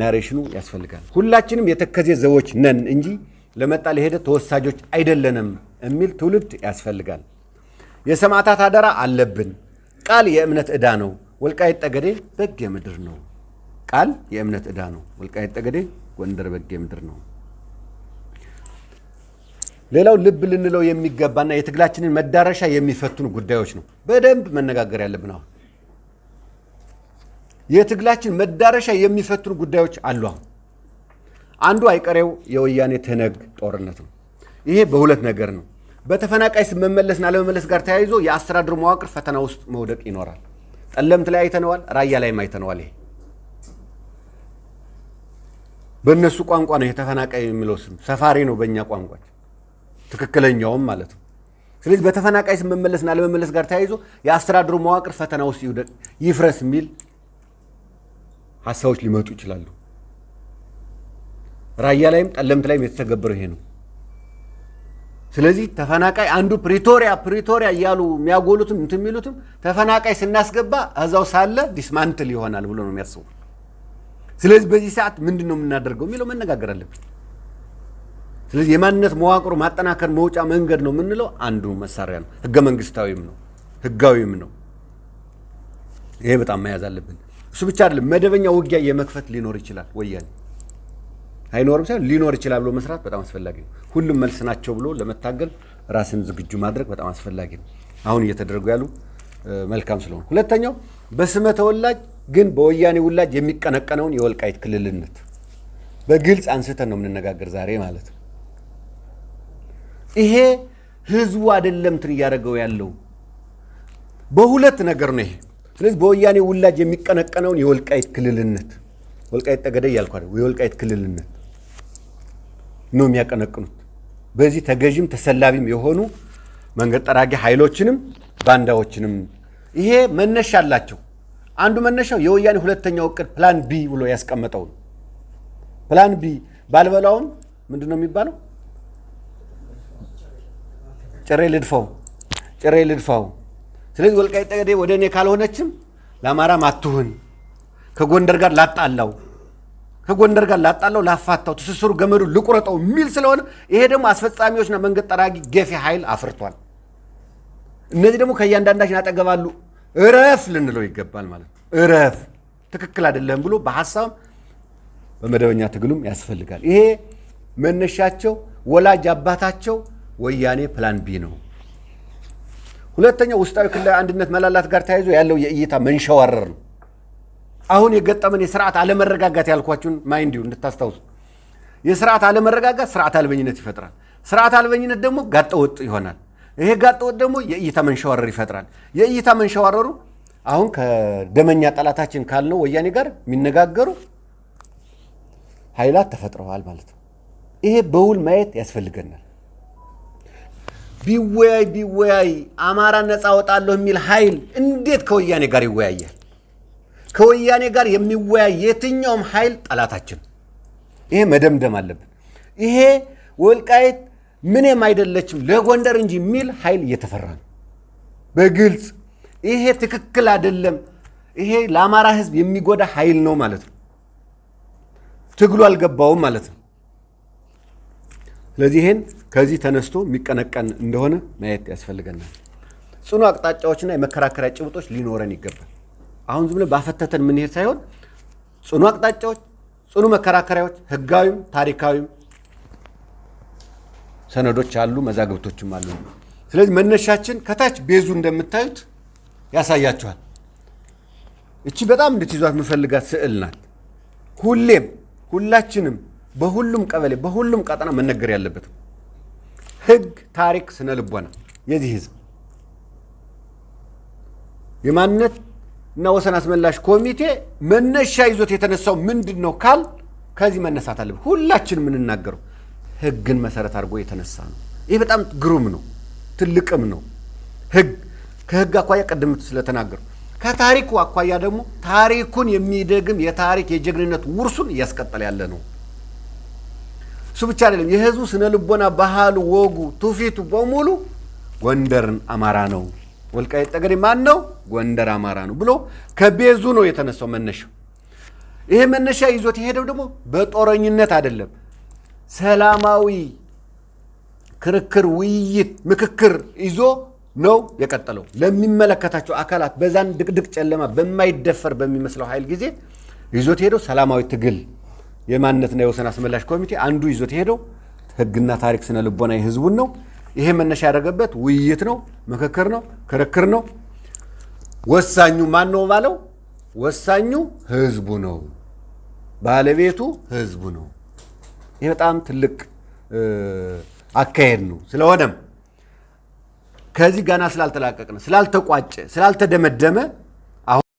ናሬሽኑ ያስፈልጋል። ሁላችንም የተከዜ ዘዎች ነን እንጂ ለመጣ ለሄደ ተወሳጆች አይደለንም የሚል ትውልድ ያስፈልጋል። የሰማዕታት አደራ አለብን። ቃል የእምነት ዕዳ ነው። ወልቃይት ጠገዴ በጌ ምድር ነው። ቃል የእምነት ዕዳ ነው። ወልቃይት ጠገዴ ጎንደር በጌ ምድር ነው። ሌላው ልብ ልንለው የሚገባና የትግላችንን መዳረሻ የሚፈቱን ጉዳዮች ነው። በደንብ መነጋገር ያለብን አሁን የትግላችን መዳረሻ የሚፈትኑ ጉዳዮች አሉ። አሁን አንዱ አይቀሬው የወያኔ ትህነግ ጦርነት ነው። ይሄ በሁለት ነገር ነው። በተፈናቃይ ስመመለስና መመለስና ለመመለስ ጋር ተያይዞ የአስተዳደሩ መዋቅር ፈተና ውስጥ መውደቅ ይኖራል። ጠለምት ላይ አይተነዋል፣ ራያ ላይም አይተነዋል። ይሄ በእነሱ ቋንቋ ነው የተፈናቃይ የሚለው ስም ሰፋሪ ነው በእኛ ቋንቋ ትክክለኛውም ማለት ነው። ስለዚህ በተፈናቃይ ስመመለስና ለመመለስ ጋር ተያይዞ የአስተዳደሩ መዋቅር ፈተና ውስጥ ይውደቅ ይፍረስ የሚል ሀሳቦች ሊመጡ ይችላሉ። ራያ ላይም ጠለምት ላይም የተተገበረው ይሄ ነው። ስለዚህ ተፈናቃይ አንዱ ፕሪቶሪያ ፕሪቶሪያ እያሉ የሚያጎሉትም እንትን የሚሉትም ተፈናቃይ ስናስገባ እዛው ሳለ ዲስማንትል ይሆናል ብሎ ነው የሚያስቡ። ስለዚህ በዚህ ሰዓት ምንድን ነው የምናደርገው የሚለው መነጋገር አለብን። ስለዚህ የማንነት መዋቅሩ ማጠናከር መውጫ መንገድ ነው የምንለው አንዱ መሳሪያ ነው። ህገ መንግስታዊም ነው፣ ህጋዊም ነው። ይሄ በጣም መያዝ አለብን። እሱ ብቻ አይደለም፣ መደበኛ ውጊያ የመክፈት ሊኖር ይችላል። ወያኔ አይኖርም ሳይሆን ሊኖር ይችላል ብሎ መስራት በጣም አስፈላጊ ነው። ሁሉም መልስ ናቸው ብሎ ለመታገል ራስን ዝግጁ ማድረግ በጣም አስፈላጊ ነው። አሁን እየተደረጉ ያሉ መልካም ስለሆኑ፣ ሁለተኛው በስመ ተወላጅ ግን በወያኔ ውላጅ የሚቀነቀነውን የወልቃይት ክልልነት በግልጽ አንስተን ነው የምንነጋገር ዛሬ ማለት ነው። ይሄ ህዝቡ አይደለም እንትን እያደረገው ያለው በሁለት ነገር ነው ይሄ ስለዚህ በወያኔ ውላጅ የሚቀነቀነውን የወልቃይት ክልልነት ወልቃይት ጠገደ እያልኩ የወልቃይት ክልልነት ነው የሚያቀነቅኑት። በዚህ ተገዥም ተሰላቢም የሆኑ መንገድ ጠራጊ ኃይሎችንም ባንዳዎችንም ይሄ መነሻ አላቸው። አንዱ መነሻው የወያኔ ሁለተኛው እቅድ ፕላን ቢ ብሎ ያስቀመጠው ነው። ፕላን ቢ ባልበላውም ምንድን ነው የሚባለው? ጭሬ ልድፈው ጭሬ ልድፋው ስለዚህ ወልቃይት ጠገዴ ወደ እኔ ካልሆነችም ለአማራም አትሁን። ከጎንደር ጋር ላጣላው ከጎንደር ጋር ላጣላው ላፋታው ትስስሩ ገመዱ ልቁረጠው የሚል ስለሆነ ይሄ ደግሞ አስፈጻሚዎችና መንገድ ጠራጊ ገፊ ኃይል አፍርቷል። እነዚህ ደግሞ ከእያንዳንዳችን ያጠገባሉ። እረፍ ልንለው ይገባል ማለት ነው። እረፍ ትክክል አይደለም ብሎ በሀሳብ በመደበኛ ትግሉም ያስፈልጋል። ይሄ መነሻቸው ወላጅ አባታቸው ወያኔ ፕላን ቢ ነው። ሁለተኛው ውስጣዊ ክልላዊ አንድነት መላላት ጋር ተያይዞ ያለው የእይታ መንሸዋረር ነው። አሁን የገጠመን የስርዓት አለመረጋጋት ያልኳችሁን ማይንዲው እንድታስታውሱ። የስርዓት አለመረጋጋት ስርዓት አልበኝነት ይፈጥራል። ስርዓት አልበኝነት ደግሞ ጋጠወጥ ይሆናል። ይሄ ጋጠወጥ ደግሞ የእይታ መንሸዋረር ይፈጥራል። የእይታ መንሸዋረሩ አሁን ከደመኛ ጠላታችን ካልነው ወያኔ ጋር የሚነጋገሩ ኃይላት ተፈጥረዋል ማለት ነው። ይሄ በውል ማየት ያስፈልገናል። ቢወያይ ቢወያይ አማራ ነፃ ወጣለሁ የሚል ኃይል እንዴት ከወያኔ ጋር ይወያያል? ከወያኔ ጋር የሚወያይ የትኛውም ኃይል ጠላታችን። ይሄ መደምደም አለብን። ይሄ ወልቃይት ምንም አይደለችም ለጎንደር እንጂ የሚል ኃይል እየተፈራ ነው በግልጽ ይሄ ትክክል አይደለም። ይሄ ለአማራ ሕዝብ የሚጎዳ ኃይል ነው ማለት ነው። ትግሉ አልገባውም ማለት ነው። ስለዚህ ይሄን ከዚህ ተነስቶ የሚቀነቀን እንደሆነ ማየት ያስፈልገናል። ጽኑ አቅጣጫዎችና የመከራከሪያ ጭብጦች ሊኖረን ይገባል። አሁን ዝም ብለን ባፈተተን ምንሄድ ሳይሆን ጽኑ አቅጣጫዎች፣ ጽኑ መከራከሪያዎች፣ ህጋዊም ታሪካዊም ሰነዶች አሉ፣ መዛግብቶችም አሉ። ስለዚህ መነሻችን ከታች ቤዙ እንደምታዩት ያሳያችኋል። እቺ በጣም እንድትይዟት የምፈልጋት ስዕል ናት። ሁሌም ሁላችንም በሁሉም ቀበሌ በሁሉም ቀጠና መነገር ያለበትም ህግ፣ ታሪክ፣ ስነ ልቦና የዚህ ህዝብ የማንነት እና ወሰን አስመላሽ ኮሚቴ መነሻ ይዞት የተነሳው ምንድን ነው ካል ከዚህ መነሳት አለብን። ሁላችን የምንናገረው ህግን መሰረት አድርጎ የተነሳ ነው። ይህ በጣም ግሩም ነው፣ ትልቅም ነው። ህግ ከህግ አኳያ ቀደም ስለተናገሩ ከታሪኩ አኳያ ደግሞ ታሪኩን የሚደግም የታሪክ የጀግንነት ውርሱን እያስቀጠለ ያለ ነው። እሱ ብቻ አይደለም፣ የህዝቡ ስነ ልቦና፣ ባህሉ፣ ወጉ፣ ትውፊቱ በሙሉ ጎንደርን አማራ ነው፣ ወልቃይት ጠገዴ ማን ነው? ጎንደር አማራ ነው ብሎ ከቤዙ ነው የተነሳው መነሻው። ይሄ መነሻ ይዞት የሄደው ደግሞ በጦረኝነት አይደለም፣ ሰላማዊ ክርክር፣ ውይይት፣ ምክክር ይዞ ነው የቀጠለው። ለሚመለከታቸው አካላት በዛን ድቅድቅ ጨለማ በማይደፈር በሚመስለው ኃይል ጊዜ ይዞት ሄደው ሰላማዊ ትግል የማንነትና የወሰን አስመላሽ ኮሚቴ አንዱ ይዞት የሄደው ህግና ታሪክ ስነ ልቦና የህዝቡን ነው። ይሄ መነሻ ያደረገበት ውይይት ነው፣ ምክክር ነው፣ ክርክር ነው። ወሳኙ ማን ነው ባለው ወሳኙ ህዝቡ ነው፣ ባለቤቱ ህዝቡ ነው። ይህ በጣም ትልቅ አካሄድ ነው። ስለሆነም ከዚህ ገና ስላልተላቀቅን፣ ስላልተቋጨ፣ ስላልተደመደመ